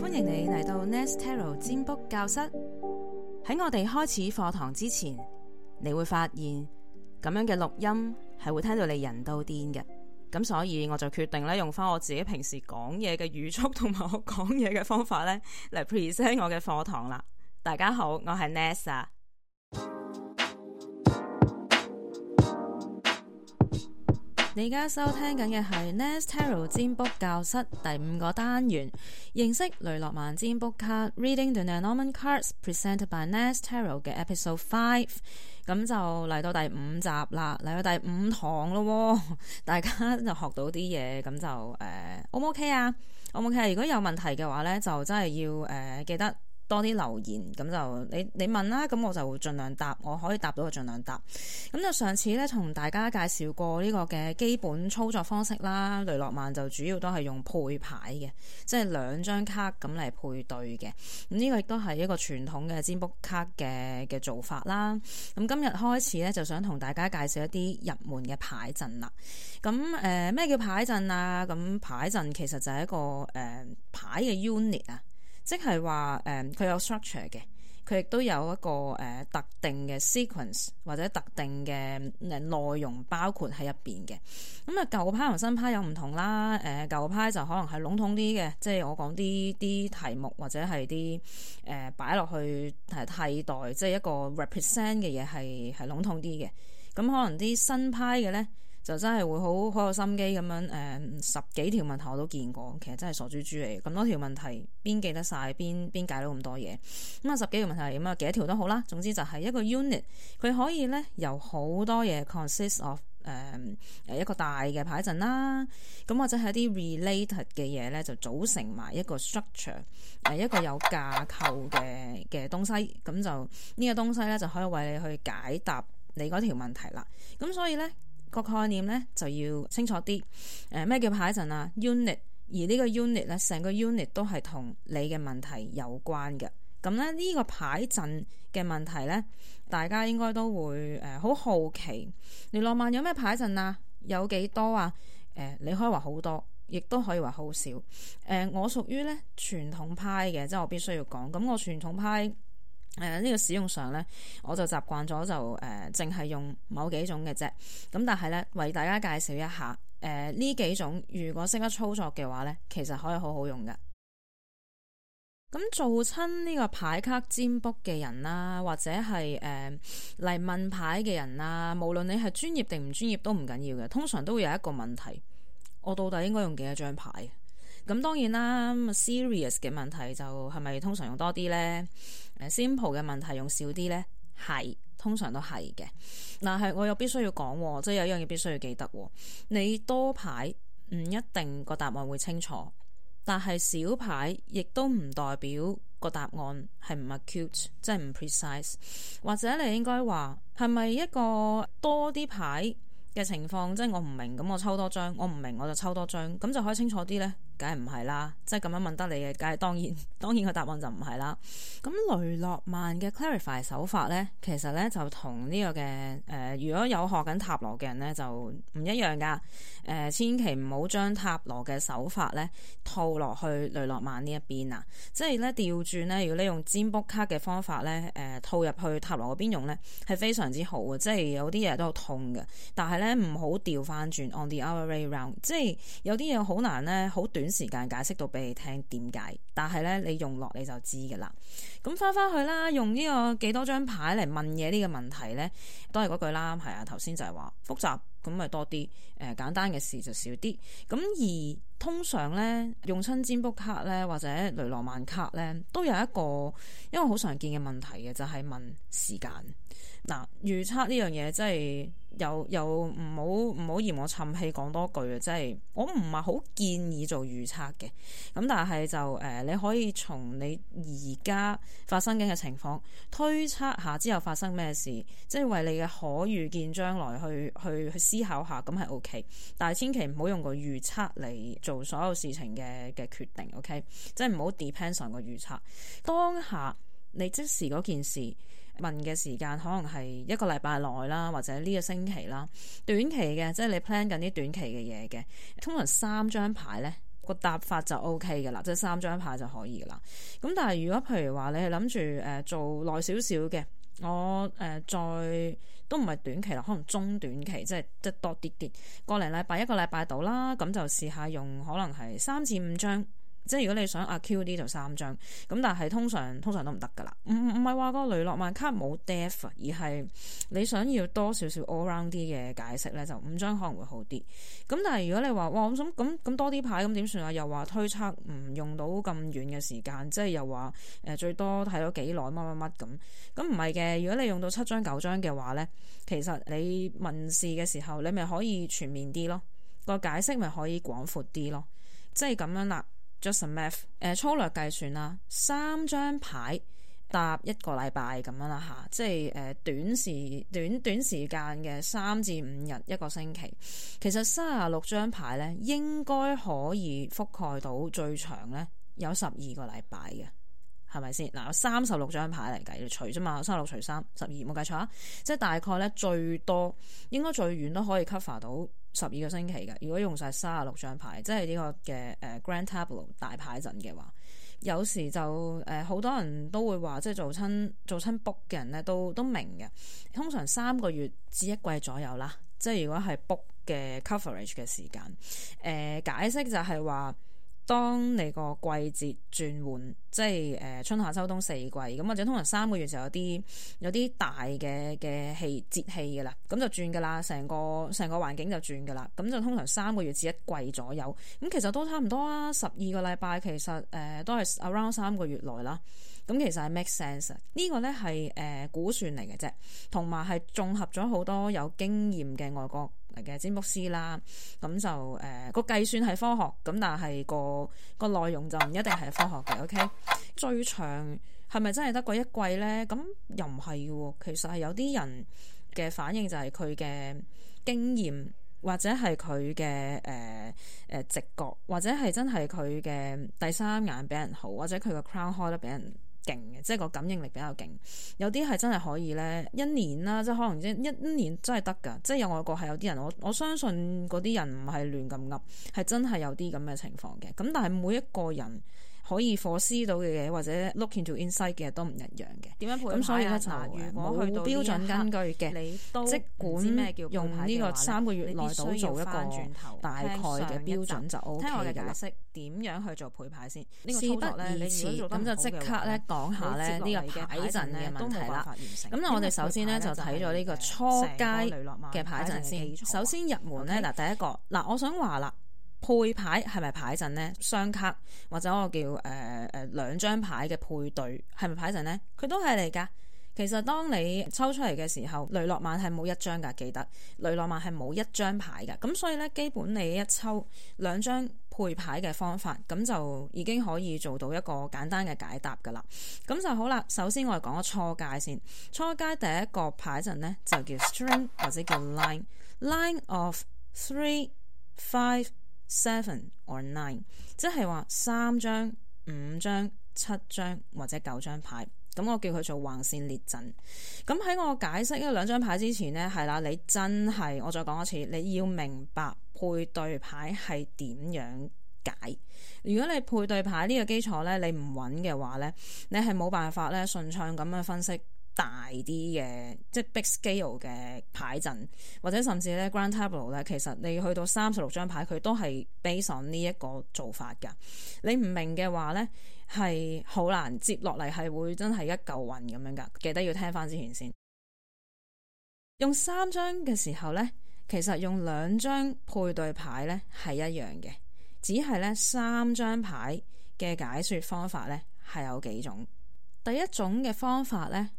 歡迎你嚟到 Nesta Tarot 佔卜教室。喺我哋開始課堂之前，你會發現咁樣嘅錄音係會聽到你人到癲嘅。咁所以我就決定咧用翻我自己平時講嘢嘅語速同埋我講嘢嘅方法咧嚟 present 我嘅課堂啦。大家好，我係 Nesta 啊。你而家收聽緊嘅係 Nestero 占卜教室第五個單元，認識雷諾曼占卜卡 Reading the Norman Cards presented by Nestero 嘅 Episode Five，咁就嚟到第五集啦，嚟到第五堂咯，大家就學到啲嘢，咁就誒，O 唔 O K 啊？O 唔 O K？如果有問題嘅話咧，就真係要誒、uh, 記得。多啲留言咁就你你問啦，咁我就盡量答，我可以答到就儘量答。咁就上次咧，同大家介紹過呢個嘅基本操作方式啦。雷諾曼就主要都係用配牌嘅，即係兩張卡咁嚟配對嘅。咁呢個亦都係一個傳統嘅占卜卡嘅嘅做法啦。咁今日開始咧，就想同大家介紹一啲入門嘅牌陣啦。咁誒咩叫牌陣啊？咁牌陣其實就係一個誒、呃、牌嘅 unit 啊。即係話誒，佢、嗯、有 structure 嘅，佢亦都有一個誒、呃、特定嘅 sequence 或者特定嘅內容，包括喺入邊嘅。咁、嗯、啊，舊派同新派有唔同啦。誒、呃，舊派就可能係籠統啲嘅，即係我講啲啲題目或者係啲誒擺落去係替代，即係一個 represent 嘅嘢係係籠統啲嘅。咁、嗯、可能啲新派嘅咧，就真係會好好有心機咁樣誒，十幾條問題我都見過，其實真係傻豬豬嚟，咁多條問題邊記得晒邊邊解到咁多嘢咁啊？十幾條問題咁啊，幾多條都好啦。總之就係一個 unit，佢可以咧由好多嘢 consist of 誒、嗯、誒一個大嘅排陣啦，咁或者係啲 related 嘅嘢咧，就組成埋一個 structure 誒，一個有架構嘅嘅東西，咁就呢、這個東西咧就可以為你去解答你嗰條問題啦。咁所以咧。個概念咧就要清楚啲，誒、呃、咩叫牌陣啊？unit 而呢個 unit 咧，成個 unit 都係同你嘅問題有關嘅。咁咧呢、呢個牌陣嘅問題咧，大家應該都會誒好、呃、好奇。你浪漫有咩牌陣啊？有幾多啊？誒、呃、你可以話好多，亦都可以話好少。誒、呃、我屬於咧傳統派嘅，即係我必須要講。咁我傳統派。誒，呢個使用上呢，我就習慣咗就誒，淨係用某幾種嘅啫。咁但係呢，為大家介紹一下，誒，呢幾種如果識得操作嘅話呢，其實可以好好用嘅。咁做親呢個牌卡占卜嘅人啦，或者係誒，嚟問牌嘅人啦，無論你係專業定唔專業都唔緊要嘅。通常都會有一個問題，我到底應該用幾多張牌？咁當然啦，serious 嘅問題就係咪通常用多啲呢？誒，simple 嘅問題用少啲呢？係通常都係嘅。但係我又必須要講，即係有一樣嘢必須要記得，你多牌唔一定個答案會清楚，但係少牌亦都唔代表個答案係唔 acute，即係唔 precise。或者你應該話係咪一個多啲牌嘅情況，即係我唔明咁，我抽多張，我唔明我就抽多張，咁就可以清楚啲呢？梗係唔係啦，即係咁樣問得你嘅，梗係當然當然個答案就唔係啦。咁雷諾曼嘅 clarify 手法咧，其實咧就同呢個嘅誒、呃，如果有學緊塔羅嘅人咧，就唔一樣噶。誒、呃，千祈唔好將塔羅嘅手法咧套落去雷諾曼呢一邊啊！即係咧調轉咧，如果你用占卜卡嘅方法咧誒、呃、套入去塔羅嗰邊用咧，係非常之好啊！即係有啲嘢都好痛嘅，但係咧唔好調翻轉 on the other way round，即係有啲嘢好難咧，好短。時間解釋到俾你聽點解，但係咧你用落你就知噶啦。咁翻翻去啦，用呢個幾多張牌嚟問嘢，呢個問題咧，都係嗰句啦，係啊，頭先就係話複雜，咁咪多啲，誒，簡單嘅事就少啲。咁而通常咧用親占卜卡咧或者雷羅曼卡咧，都有一個因為好常見嘅問題嘅，就係、是、問時間。嗱，預測呢樣嘢真係又又唔好唔好嫌我滲氣講多句啊！即係我唔係好建議做預測嘅。咁但係就誒、呃，你可以從你而家發生緊嘅情況推測下之後發生咩事，即係為你嘅可預見將來去去去思考下，咁係 OK。但係千祈唔好用個預測嚟。做所有事情嘅嘅決定，OK，即係唔好 depends 上個預測。當下你即時嗰件事問嘅時間，可能係一個禮拜內啦，或者呢個星期啦，短期嘅，即係你 plan 緊啲短期嘅嘢嘅，通常三張牌呢個答法就 OK 嘅啦，即係三張牌就可以嘅啦。咁但係如果譬如話你係諗住誒做耐少少嘅，我誒、呃、再。都唔係短期啦，可能中短期，即係即多啲啲，個零禮拜一個禮拜度啦，咁就試下用，可能係三至五張。即係如果你想阿 Q 啲就三張咁，但係通常通常都唔得噶啦。唔唔係話個雷諾曼卡冇 death，而係你想要多少少 all round 啲嘅解釋咧，就五張可能會好啲。咁但係如果你話哇咁咁咁多啲牌咁點算啊？又話推測唔用到咁遠嘅時間，即係又話誒最多睇到幾耐乜乜乜咁咁，唔係嘅。如果你用到七張九張嘅話咧，其實你問事嘅時候你咪可以全面啲咯，個解釋咪可以廣闊啲咯，即係咁樣啦。just a math，呃、粗略計算啦，三張牌搭一個禮拜咁樣啦嚇，即係誒短時短短時間嘅三至五日一個星期，其實三十六張牌咧應該可以覆蓋到最長咧有十二個禮拜嘅，係咪先？嗱，有三十六張牌嚟計你除啫嘛，三十六除三，十二，冇計錯啊，即係大概咧最多應該最遠都可以 cover 到。十二個星期嘅，如果用晒卅六張牌，即係呢個嘅誒 Grand Tableau 大牌陣嘅話，有時就誒好、呃、多人都會話，即係做親做親 book 嘅人咧，都都明嘅。通常三個月至一季左右啦，即係如果係 book 嘅 coverage 嘅時間，誒、呃、解釋就係話。當你個季節轉換，即係誒春夏秋冬四季，咁或者通常三個月就有啲有啲大嘅嘅氣節氣㗎喇，咁就轉㗎喇，成個成個環境就轉㗎喇，咁就通常三個月至一季左右，咁其實都差唔多啊，十二個禮拜其實誒、呃、都係 around 三個月內啦，咁其實係 make sense 呢、呢個呢係誒估算嚟嘅啫，同埋係綜合咗好多有經驗嘅外國。嚟嘅占卜師啦，咁就誒個計算係科學，咁但係個個內容就唔一定係科學嘅。OK，最長係咪真係得過一季呢？咁又唔係嘅，其實係有啲人嘅反應就係佢嘅經驗，或者係佢嘅誒誒直覺，或者係真係佢嘅第三眼比人好，或者佢個 crown 開得比人。勁嘅，即係個感應力比較勁。有啲係真係可以咧，一年啦，即係可能一一年真係得㗎。即係有外國係有啲人，我我相信嗰啲人唔係亂咁噏，係真係有啲噉嘅情況嘅。噉但係每一個人。可以火燒到嘅嘢，或者 look into inside 嘅都唔一樣嘅。點樣配牌啊？咁所以咧嗱，如果去到標準根據嘅，即管用呢個三個月內度做一個大概嘅標準就 O K 嘅解釋，點樣去做配牌先？呢個操作咧，你咁就即刻咧講下咧呢個牌陣嘅問題啦。咁我哋首先咧就睇咗呢個初階嘅牌陣先。首先入門咧嗱，第一個嗱，我想話啦。配牌係咪牌陣呢？雙卡或者我叫誒誒兩張牌嘅配對係咪牌陣呢？佢都係嚟噶。其實當你抽出嚟嘅時候，雷諾曼係冇一張噶，記得雷諾曼係冇一張牌噶。咁所以呢，基本你一抽兩張配牌嘅方法，咁就已經可以做到一個簡單嘅解答噶啦。咁就好啦。首先我哋講咗初階先，初階第一個牌陣呢，就叫 string 或者叫 line line of three five。Seven or nine，即係話三張、五張、七張或者九張牌，咁我叫佢做橫線列陣。咁喺我解釋呢兩張牌之前呢，係啦，你真係，我再講一次，你要明白配對牌係點樣解。如果你配對牌呢個基礎呢，你唔穩嘅話呢，你係冇辦法呢順暢咁樣分析。大啲嘅，即係 big scale 嘅牌陣，或者甚至咧 grand tableau 咧，其實你去到三十六張牌，佢都係 base on 呢一個做法噶。你唔明嘅話呢，係好難接落嚟，係會真係一嚿雲咁樣噶。記得要聽翻之前先用三張嘅時候呢，其實用兩張配對牌呢係一樣嘅，只係呢三張牌嘅解說方法呢係有幾種。第一種嘅方法呢。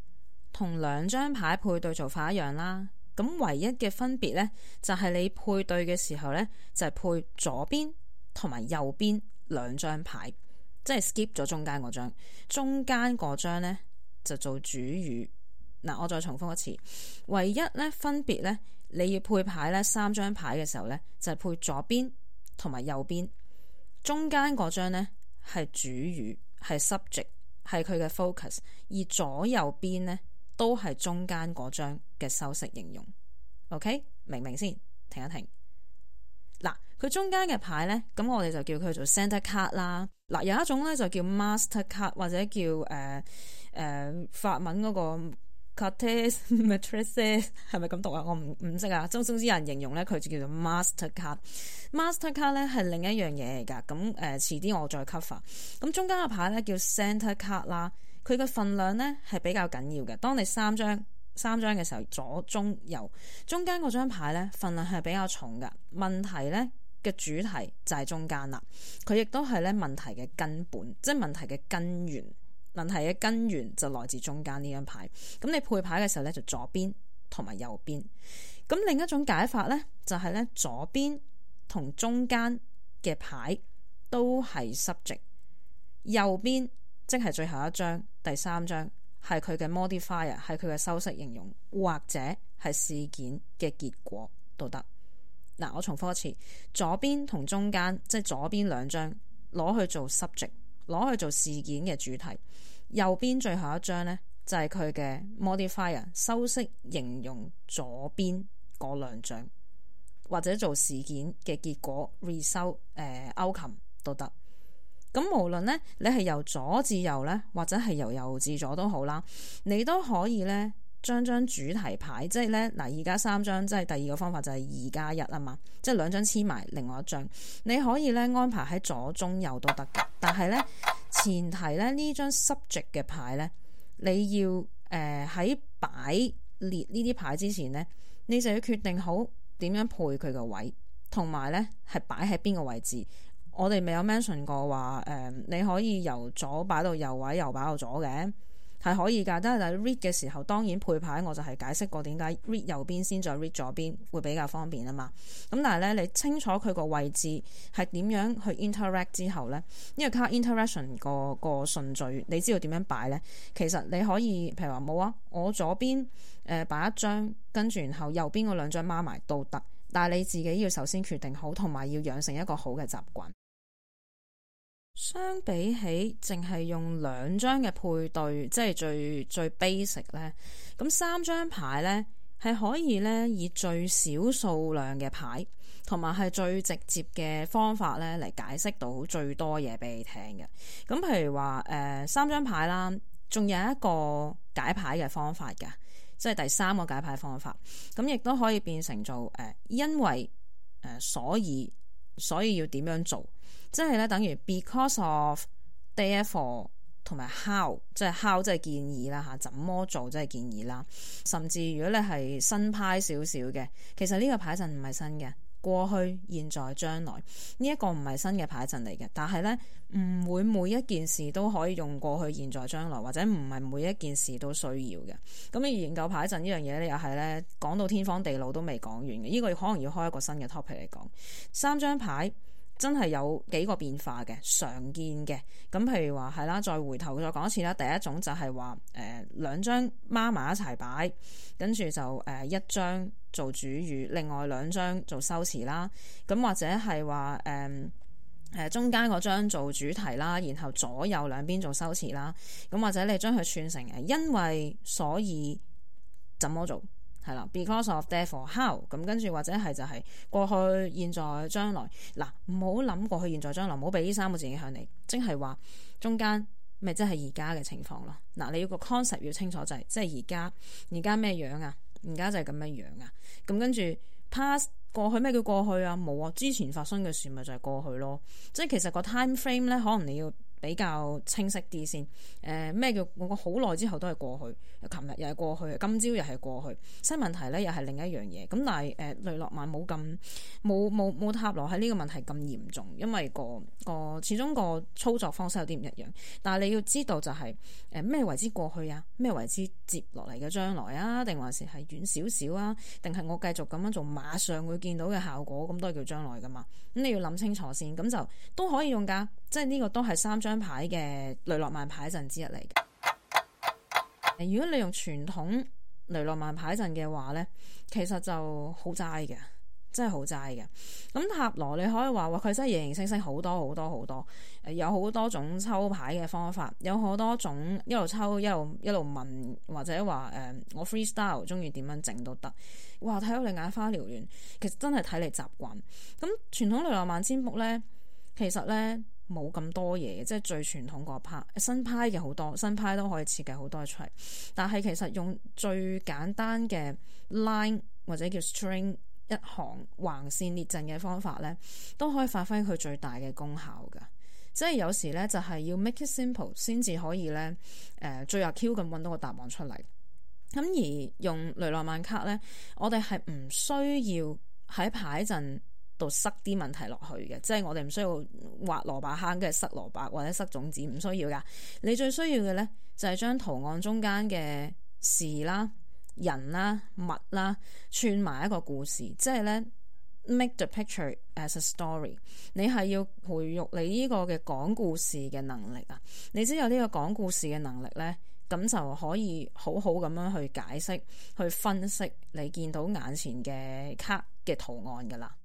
同兩張牌配對做法一樣啦，咁唯一嘅分別呢，就係你配對嘅時候呢，就係配左邊同埋右邊兩張牌，即係 skip 咗中間嗰張。中間嗰張呢，就做主語。嗱，我再重複一次，唯一呢分別呢，你要配牌呢三張牌嘅時候呢，就係配左邊同埋右邊，中間嗰張呢，係主語，係 subject，係佢嘅 focus，而左右邊呢。都係中間嗰張嘅修飾形容，OK？明唔明先？停一停。嗱，佢中間嘅牌咧，咁我哋就叫佢做 center card 啦。嗱，有一種咧，就叫 master card 或者叫誒誒、呃呃、法文嗰個 cartes maîtresses 係咪咁讀啊？我唔唔識啊。中中之人形容咧，佢就叫做 master card，master card 咧係另一樣嘢嚟㗎。咁誒、呃、遲啲我再 cover。咁中間嘅牌咧，叫 center card 啦。佢嘅份量呢，係比較緊要嘅。當你三張三張嘅時候，左、中、右中間嗰張牌呢，份量係比較重嘅。問題呢嘅主題就係中間啦。佢亦都係呢問題嘅根本，即係問題嘅根源。問題嘅根源就來自中間呢張牌。咁你配牌嘅時候呢，就左邊同埋右邊。咁另一種解法呢，就係呢左邊同中間嘅牌都係 subject，右邊即係最後一張。第三張係佢嘅 modifier，係佢嘅修飾形容，或者係事件嘅結果都得。嗱，我重複一次，左邊同中間即係左邊兩張攞去做 subject，攞去做事件嘅主題；右邊最後一張呢，就係佢嘅 modifier，修飾形容左邊嗰兩張，或者做事件嘅結果 result，誒 outcome 都得。咁無論咧，你係由左至右咧，或者係由右至左都好啦，你都可以咧，將張主題牌，即係咧，嗱，而家三張，即係第二個方法就係二加一啊嘛，1，即係兩張黐埋，另外一張，你可以咧安排喺左中右都得嘅，但係咧，前提咧呢張 subject 嘅牌咧，你要誒喺擺列呢啲牌之前咧，你就要決定好點樣配佢個位，同埋咧係擺喺邊個位置。我哋未有 mention 過話誒、呃，你可以由左擺到右位，右擺到左嘅係可以㗎。但係你 read 嘅時候，當然配牌我就係解釋過點解 read 右邊先再 read 左邊會比較方便啊嘛。咁但係咧，你清楚佢個位置係點樣去 interact 之後咧，呢個 card interaction 個個順序你知道點樣擺咧，其實你可以譬如話冇啊，我左邊誒擺一張跟住，然後右邊嗰兩張孖埋都得，但係你自己要首先決定好，同埋要養成一個好嘅習慣。相比起淨係用兩張嘅配對，即係最最 basic 咧，咁三張牌咧係可以咧以最少數量嘅牌，同埋係最直接嘅方法咧嚟，解釋到最多嘢俾你聽嘅。咁譬如話誒、呃、三張牌啦，仲有一個解牌嘅方法嘅，即係第三個解牌方法。咁亦都可以變成做誒、呃、因為誒、呃、所以所以要點樣做。即係咧，等於 because of therefore 同埋 how，即係 how 即係建議啦吓，怎麼做即係建議啦。甚至如果你係新派少少嘅，其實呢個牌陣唔係新嘅，過去、現在、將來呢一、這個唔係新嘅牌陣嚟嘅。但係咧，唔會每一件事都可以用過去、現在、將來，或者唔係每一件事都需要嘅。咁研究牌陣呢樣嘢咧，又係咧，講到天荒地老都未講完嘅。呢、這個可能要開一個新嘅 topic 嚟講，三張牌。真係有幾個變化嘅，常見嘅。咁譬如話係啦，再回頭再講一次啦。第一種就係話，誒、呃、兩張孖埋一齊擺，跟住就誒、呃、一張做主語，另外兩張做修辭啦。咁或者係話誒誒中間嗰張做主題啦，然後左右兩邊做修辭啦。咁或者你將佢串成誒，因為所以怎麼做？係啦，because of death or how，咁跟住或者係就係過去、現在、將來。嗱，唔好諗過去、現在、將來，唔好俾呢三個字影響你，即係話中間咪即係而家嘅情況咯。嗱，你要個 concept 要清楚就係即係而家，而家咩樣啊？而家就係咁樣樣啊。咁跟住 past 過去，咩叫過去啊？冇啊，之前發生嘅事咪就係過去咯。即係其實個 time frame 咧，可能你要。比較清晰啲先，誒、呃、咩叫我好耐之後都係過去，琴日又係過去，今朝又係過去，新問題咧又係另一樣嘢。咁但係誒、呃、雷諾曼冇咁冇冇冇塔羅喺呢個問題咁嚴重，因為個個始終個操作方式有啲唔一樣。但係你要知道就係誒咩為之過去啊？咩為之接落嚟嘅將來啊？定還是係遠少少啊？定係我繼續咁樣做，馬上會見到嘅效果咁都係叫將來㗎嘛？咁你要諗清楚先，咁就都可以用㗎，即係呢個都係三張。張牌嘅雷諾曼牌陣之一嚟嘅，呃。如果你用傳統雷諾曼牌陣嘅話呢，其實就好齋嘅，真係好齋嘅。咁塔羅你可以話，哇，佢真係形形色色，好多好多好多，多，呃、有好多種抽牌嘅方法，有好多種一路抽一路一路問，或者話誒、呃、我 freestyle 中意點樣整都得。哇，睇到你眼花繚亂，其實真係睇你習慣。咁傳統雷諾曼占卜呢，其實呢。冇咁多嘢，即係最傳統個派，新派嘅好多，新派都可以設計好多出嚟。但係其實用最簡單嘅 line 或者叫 string 一行橫線列陣嘅方法咧，都可以發揮佢最大嘅功效㗎。即係有時咧就係要 make it simple 先至可以咧，誒最入 Q 咁揾到個答案出嚟。咁而用雷諾曼卡咧，我哋係唔需要喺牌陣度塞啲問題落去嘅，即係我哋唔需要挖蘿蔔坑，即係塞蘿蔔或者塞種子，唔需要噶。你最需要嘅咧就係、是、將圖案中間嘅事啦、人啦、物啦串埋一個故事，即係咧 make the picture as a story。你係要培育你呢個嘅講故事嘅能力啊。你只有呢個講故事嘅能力咧，咁就可以好好咁樣去解釋、去分析你見到眼前嘅卡嘅圖案噶啦。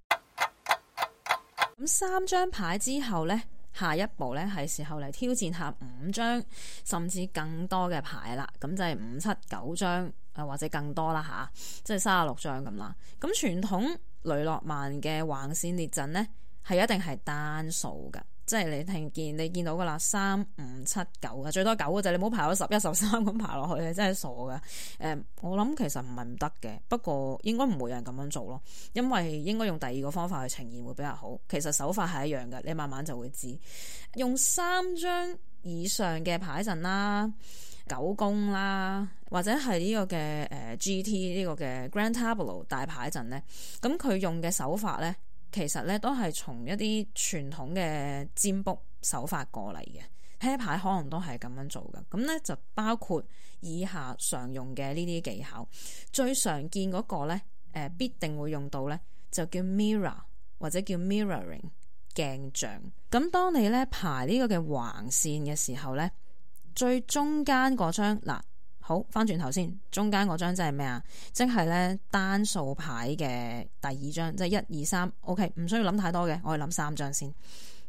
咁三張牌之後呢，下一步呢，係時候嚟挑戰下五張甚至更多嘅牌啦。咁就係五、七、九張啊，或者更多啦吓，即係三十六張咁啦。咁傳統雷諾曼嘅橫線列陣呢，係一定係單數㗎。即係你聽見你見到個啦，三五七九嘅最多九嘅就你唔好爬到十一十三咁爬落去你真係傻噶。誒、um,，我諗其實唔係唔得嘅，不過應該唔會有人咁樣做咯，因為應該用第二個方法去呈現會比較好。其實手法係一樣嘅，你慢慢就會知。用三張以上嘅牌陣啦，九宮啦，或者係呢個嘅誒 GT 呢個嘅 Grand Tableau 大牌陣咧，咁佢用嘅手法咧。其實咧都係從一啲傳統嘅占卜手法過嚟，嘅排牌可能都係咁樣做嘅。咁咧就包括以下常用嘅呢啲技巧，最常見嗰、那個咧，誒、呃、必定會用到咧，就叫 mirror 或者叫 mirroring 鏡像。咁當你咧排呢個嘅橫線嘅時候咧，最中間嗰張嗱。好返轉頭先，中間嗰張即係咩啊？即係咧單數牌嘅第二張，即係一二三。OK，唔需要諗太多嘅，我哋諗三張先。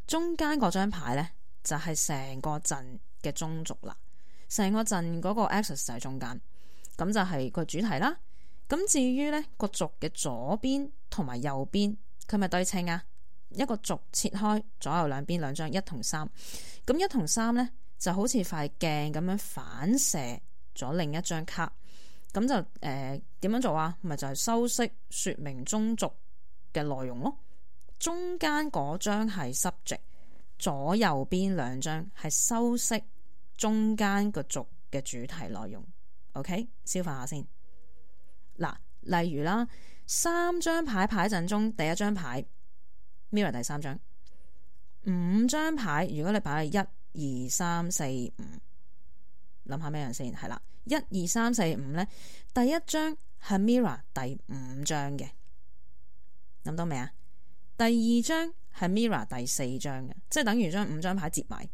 中間嗰張牌咧就係、是、成個陣嘅中軸啦，成個陣嗰個 axis 就係中間，咁就係個主題啦。咁至於咧個軸嘅左邊同埋右邊，佢咪對稱啊？一個軸切開左右兩邊兩張一同三，咁一同三咧就好似塊鏡咁樣反射咗另一張卡，咁就誒點、呃、樣做啊？咪就係、是、修飾説明中軸嘅內容咯。中間嗰張係 subject，左右邊兩張係修飾中間個軸嘅主題內容。OK，消化下先。嗱，例如啦，三張牌牌陣中，第一張牌，mirror 第三張，五張牌，如果你擺喺一二三四五。諗下咩樣先，係啦，一二三四五咧，第一張係 mirror 第五張嘅，諗到未啊？第二張係 mirror 第四張嘅，即係等於將五張牌接埋，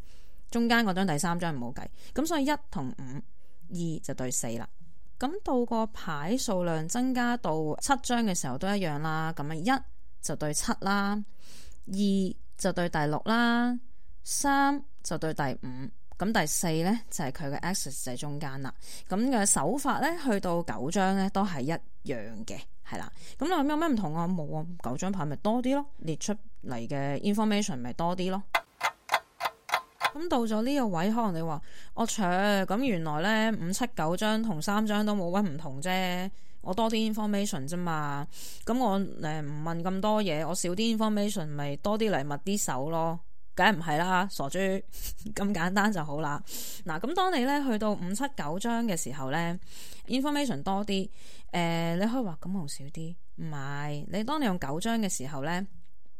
中間嗰張第三張唔好計，咁所以一同五二就對四啦。咁到個牌數量增加到七張嘅時候都一樣啦，咁啊一就對七啦，二就對第六啦，三就對第五。咁第四咧就係、是、佢嘅 access 就係中間啦，咁嘅手法咧去到九張咧都係一樣嘅，係啦，咁有冇咩唔同啊？冇啊，九張牌咪多啲咯，列出嚟嘅 information 咪多啲咯。咁到咗呢個位，可能你話我搶，咁、哦呃、原來咧五七九張同三張都冇乜唔同啫，我多啲 information 啫嘛，咁我誒唔、呃、問咁多嘢，我少啲 information 咪多啲禮物啲手咯。梗係唔係啦，傻豬咁 簡單就好啦。嗱、啊，咁當你咧去到五七九張嘅時候咧，information 多啲，誒、呃，你可以話咁紅少啲。唔係，你當你用九張嘅時候咧，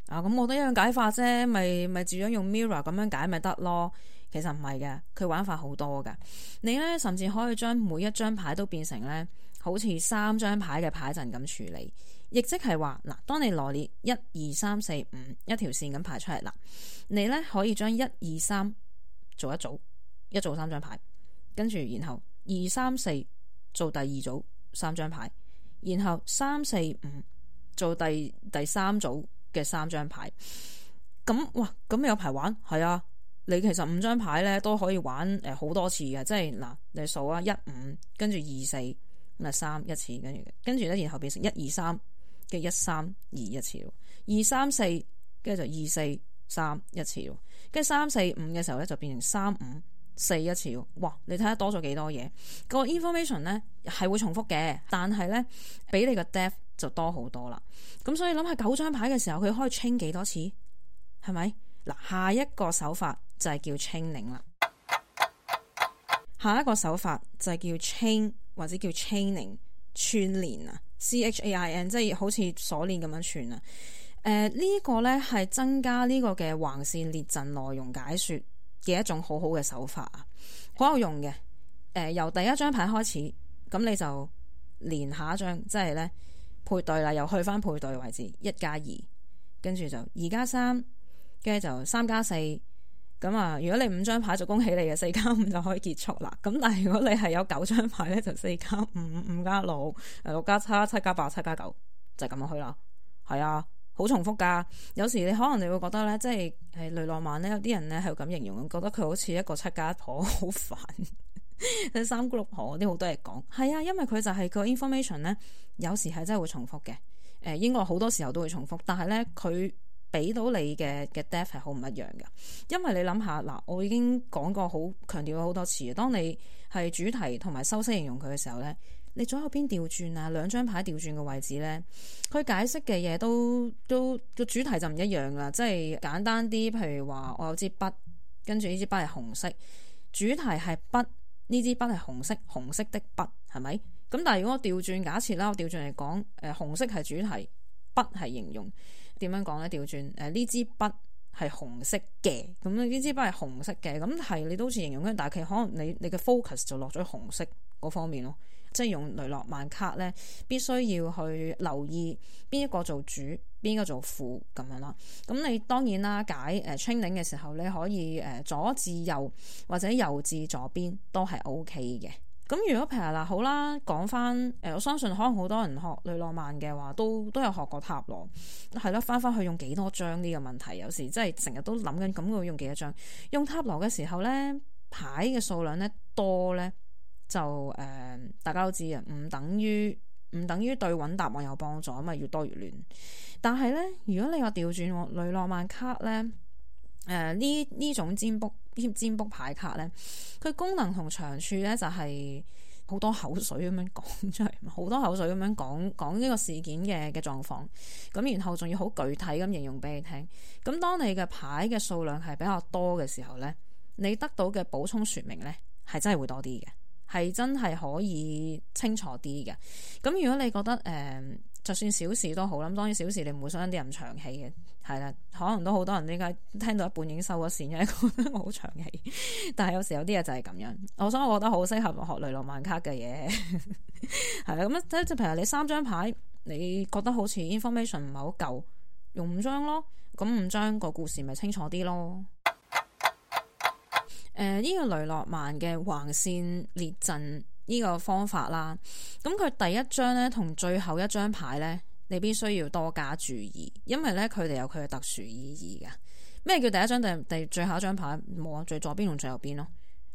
啊，咁、啊、我都一樣解法啫，咪咪照樣用 mirror 咁樣解咪得咯。其實唔係嘅，佢玩法好多嘅。你咧甚至可以將每一張牌都變成咧。好似三張牌嘅牌陣咁處理，亦即係話嗱，當你羅列一二三四五一條線咁排出嚟嗱，你咧可以將一二三做一組，一組三張牌，跟住然後二三四做第二組三張牌，然後三四五做第第三組嘅三張牌。咁哇，咁有排玩係啊？你其實五張牌咧都可以玩誒，好多次嘅，即係嗱，你數啊，一五跟住二四。三一次，跟住跟住咧，然後變成一二三嘅一三二一次咯，二三四跟住就二四三一次咯，跟住三四五嘅時候咧就變成三五四一次咯。哇，你睇下多咗幾多嘢個 information 咧係會重複嘅，但係咧比你個 depth 就多好多啦。咁所以諗下九張牌嘅時候，佢可以清幾多次係咪？嗱，下一個手法就係叫清零啦。下一個手法就係叫清。或者叫 chaining 串聯啊，C H A I N，即係好似鎖鏈咁樣串啊。誒、呃，呢個呢係增加呢個嘅橫線列陣內容解說嘅一種好好嘅手法啊，好有用嘅。誒、呃，由第一張牌開始，咁你就連下一張，即係呢配對啦，又去翻配對位置一加二，跟住就二加三，跟住就三加四。4, 咁啊，如果你五張牌就恭喜你嘅，四加五就可以結束啦。咁但係如果你係有九張牌咧，就四加五、五加六、六加七、七加八、七加九就係咁去啦。係啊，好重複噶。有時你可能你會覺得咧，即係係雷浪漫咧，有啲人咧係咁形容，覺得佢好似一個七家婆好煩，煩 三姑六婆啲好多嘢講。係啊，因為佢就係個 information 咧，有時係真係會重複嘅。誒，應該好多時候都會重複，但係咧佢。俾到你嘅嘅 depth 係好唔一樣嘅，因為你諗下嗱，我已經講過好強調咗好多次嘅。當你係主題同埋修飾形容佢嘅時候呢，你左右邊調轉啊，兩張牌調轉嘅位置呢，佢解釋嘅嘢都都個主題就唔一樣啦。即係簡單啲，譬如話我有支筆，跟住呢支筆係紅色，主題係筆，呢支筆係紅色，紅色的筆，係咪？咁但係如果我調轉，假設啦，我調轉嚟講，誒紅色係主題，筆係形容。點樣講咧？調轉誒，呢支筆係紅色嘅，咁呢支筆係紅色嘅，咁係你都好似形容緊，但係其實可能你你嘅 focus 就落咗紅色嗰方面咯，即係用雷諾曼卡咧，必須要去留意邊一個做主，邊個做副咁樣啦。咁你當然啦，解誒 training 嘅時候，你可以誒左至右或者右至左邊都係 OK 嘅。咁如果譬如啦好啦，講翻誒，我相信可能好多人學雷諾曼嘅話，都都有學過塔羅，係咯，翻翻去用幾多張呢個問題？有時真係成日都諗緊，咁我用幾多張用塔羅嘅時候咧，牌嘅數量咧多咧就誒、呃，大家都知啊，唔等於唔等於對揾答案有幫助啊嘛，越多越亂。但係咧，如果你話調轉我雷諾曼卡咧，誒呢呢種占卜。啲占卜牌卡咧，佢功能同長處咧就係好多口水咁樣講出嚟，好多口水咁樣講講呢個事件嘅嘅狀況。咁然後仲要好具體咁形容俾你聽。咁當你嘅牌嘅數量係比較多嘅時候咧，你得到嘅補充説明咧係真係會多啲嘅，係真係可以清楚啲嘅。咁如果你覺得誒、呃，就算小事都好啦，當然小事你唔會想一啲人長氣嘅。係啦，可能都好多人呢家聽到一半已經收咗線了，因為覺得好長氣。但係有時有啲嘢就係咁樣，所以我想覺得好適合學雷諾曼卡嘅嘢。係 啦，咁啊，即係譬如你三張牌，你覺得好似 information 唔係好夠，用五張咯。咁五張個故事咪清楚啲咯？誒、呃，呢、呢個雷諾曼嘅橫線列陣呢個方法啦，咁佢第一張咧同最後一張牌咧。你必須要多加注意，因為咧佢哋有佢嘅特殊意義嘅。咩叫第一張定係最後一張牌？冇啊，最左邊同最右邊咯。誒、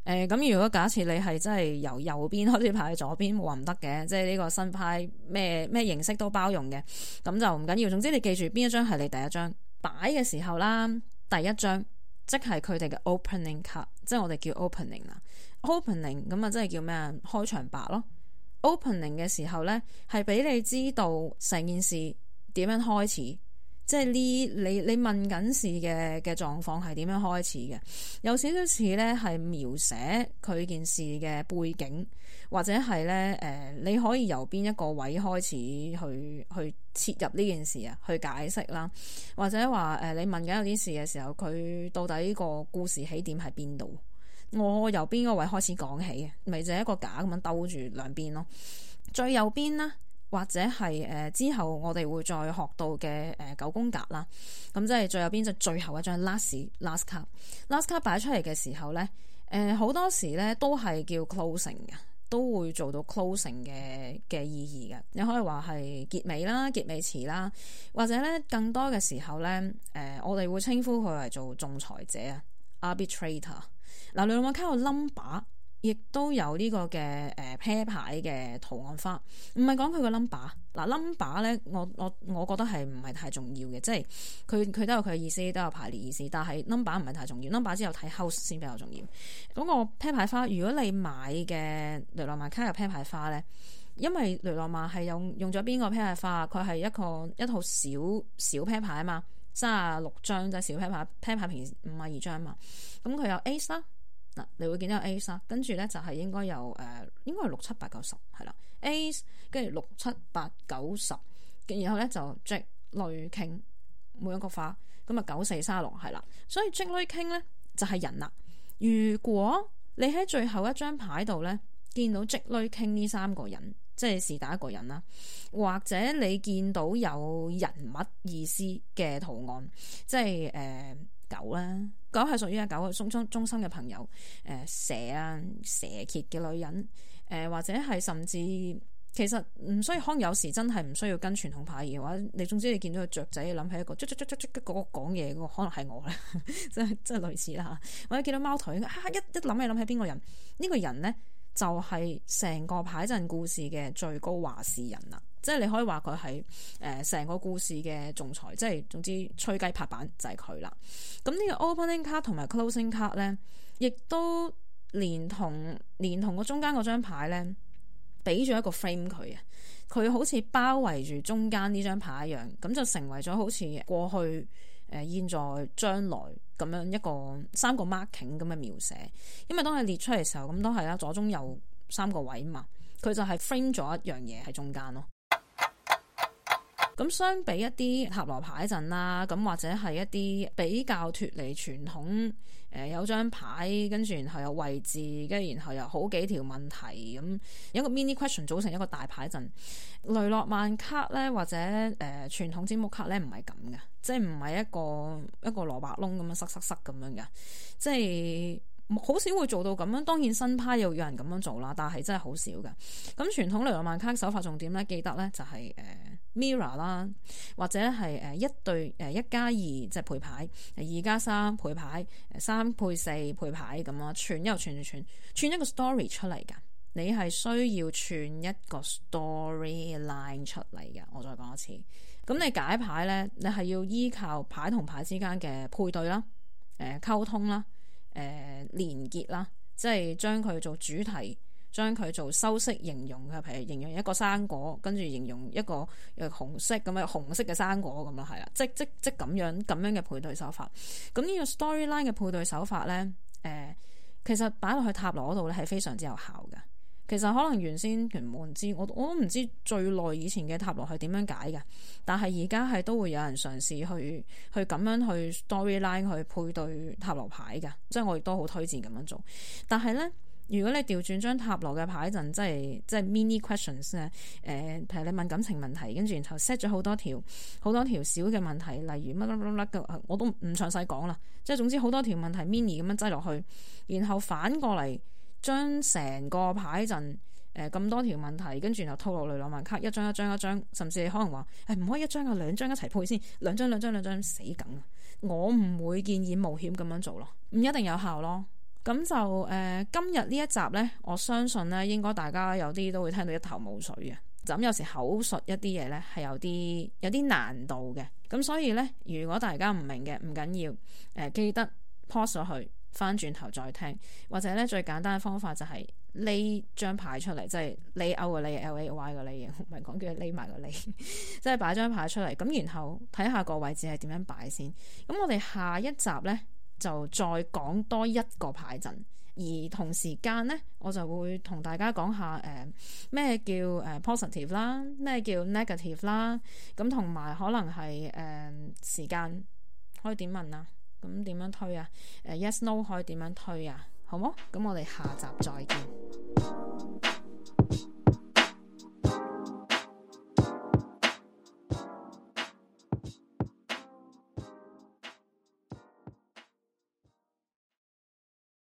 呃，咁如果假設你係真係由右邊開始排左邊，冇話唔得嘅。即係呢個新派咩咩形式都包容嘅，咁就唔緊要。總之你記住邊一張係你第一張擺嘅時候啦，第一張即係佢哋嘅 opening card，即係我哋叫 opening 啦。opening 咁啊，真係叫咩啊？開場白咯。Opening 嘅時候呢，係俾你知道成件事點樣開始，即係呢，你你，你問緊事嘅嘅狀況係點樣開始嘅，有少少似呢，係描寫佢件事嘅背景，或者係呢，誒、呃，你可以由邊一個位開始去去切入呢件事啊，去解釋啦，或者話誒、呃，你問緊有件事嘅時候，佢到底個故事起點喺邊度？我由邊個位開始講起嘅，咪就係、一個架咁樣兜住兩邊咯。最右邊啦，或者係誒、呃、之後我哋會再學到嘅誒、呃、九宮格啦。咁、嗯、即係最右邊就最後一張 last last card last card 擺出嚟嘅時候咧，誒、呃、好多時咧都係叫 closing 嘅，都會做到 closing 嘅嘅意義嘅。你可以話係結尾啦、結尾詞啦，或者咧更多嘅時候咧，誒、呃、我哋會稱呼佢係做仲裁者啊 （arbitrator）。Ar 嗱，雷諾曼卡有 number 亦都有呢個嘅誒 pair 牌嘅圖案花，唔係講佢個 number。嗱 number 咧，我我我覺得係唔係太重要嘅，即係佢佢都有佢嘅意思，都有排列意思。但係 number 唔係太重要，number 之後睇 house 先比較重要。咁個 pair 牌花，如果你買嘅雷諾曼卡有 pair 牌花咧，因為雷諾曼係用用咗邊個 pair 牌花，佢係一個一套小小 pair 牌啊嘛。三啊六張啫，小牌牌牌平五啊二張嘛，咁佢有 Ace 啦，嗱，你會見到有 Ace 啦，跟住咧就係應該有誒、呃，應該係六七八九十係啦 Ace 跟住六七八九十，ace, 6, 7, 8, 9, 10, 然後咧就 J、Q、K 每一個花，咁啊九四三六係啦，所以 J、Q、K 咧就係人啦，如果你喺最後一張牌度咧見到 J、Q、K 呢三個人。即係是打一個人啦，或者你見到有人物意思嘅圖案，即係誒狗啦，狗係屬於啊狗係忠忠忠心嘅朋友，誒、呃、蛇啊蛇蠍嘅女人，誒、呃、或者係甚至其實唔需要，可能有時真係唔需要跟傳統牌意嘅話，你總之你見到個雀仔，諗起一個唧唧唧唧唧唧嗰個講嘢嗰個，可能係我啦，即係即係類似啦。或者見到貓腿，嚇、啊、一一諗起諗起邊、這個人呢？呢個人咧。就係成個牌陣故事嘅最高話事人啦，即係你可以話佢係誒成個故事嘅仲裁，即係總之吹雞拍板就係佢啦。咁呢個 opening card 同埋 closing card 呢，亦都連同連同個中間嗰張牌呢，俾咗一個 frame 佢啊。佢好似包圍住中間呢張牌一樣，咁就成為咗好似過去。誒現在將來咁樣一個三個 marking 咁嘅描寫，因為當佢列出嚟時候，咁都係啦，左中右三個位嘛，佢就係 frame 咗一樣嘢喺中間咯。咁相比一啲塔羅牌陣啦，咁或者係一啲比較脫離傳統誒、呃，有張牌跟住然後有位置，跟住然後有好幾條問題咁，嗯、有一個 mini question 組成一個大牌陣。雷諾曼卡咧或者誒、呃、傳統節目卡咧，唔係咁嘅，即係唔係一個一個蘿蔔窿咁樣塞塞塞咁樣嘅，即係好少會做到咁樣。當然新派又有人咁樣做啦，但係真係好少嘅。咁傳統雷諾曼卡手法重點咧，記得咧就係、是、誒。呃 Mirror 啦，或者係誒一對誒一加二即係配牌，二加三配牌，三配四配牌咁啊，串又串串，串一個 story 出嚟㗎。你係需要串一個 storyline 出嚟㗎。我再講一次，咁你解牌呢，你係要依靠牌同牌之間嘅配對啦、誒溝通啦、誒連結啦，即係將佢做主題。將佢做修飾形容嘅。譬如形容一個生果，跟住形容一個誒紅色咁嘅紅色嘅生果咁咯，係啦，即即即咁樣咁樣嘅配對手法。咁呢個 storyline 嘅配對手法咧，誒、呃，其實擺落去塔羅嗰度咧係非常之有效嘅。其實可能原先唔唔知，我我都唔知最耐以前嘅塔羅係點樣解嘅，但係而家係都會有人嘗試去去咁樣去 storyline 去配對塔羅牌嘅，即係我亦都好推薦咁樣做。但係咧。如果你調轉張塔羅嘅牌陣，即係即係 mini questions 咧、呃，譬如你問感情問題，跟住然後 set 咗好多條，好多條小嘅問題，例如乜乜乜乜嘅，我都唔詳細講啦。即係總之好多條問題 mini 咁樣擠落去，然後反過嚟將成個牌陣誒咁、呃、多條問題，跟住然後套落雷諾曼卡一張一張一張，一張，甚至你可能話誒唔可以一張啊兩張一齊配先，兩張兩張兩張，兩張死梗。我唔會建議冒險咁樣做咯，唔一定有效咯。咁就誒、呃，今日呢一集呢，我相信呢應該大家有啲都會聽到一頭霧水嘅。就咁有時口述一啲嘢呢係有啲有啲難度嘅。咁所以呢，如果大家唔明嘅，唔緊要誒，記得 pause 咗去，翻轉頭再聽，或者呢最簡單嘅方法就係、是、攞張牌出嚟，即係 lay out 個 lay，L A Y 個 lay，唔係講叫匿埋個匿，即係擺張牌出嚟，咁、就是、然後睇下個位置係點樣擺先。咁我哋下一集呢。就再講多一個排陣，而同時間呢，我就會同大家講下誒咩、呃、叫誒、呃、positive 啦，咩叫 negative 啦，咁同埋可能係誒、呃、時間可以點問啊？咁點樣推啊？誒、呃、yes no 可以點樣推啊？好冇？咁我哋下集再見。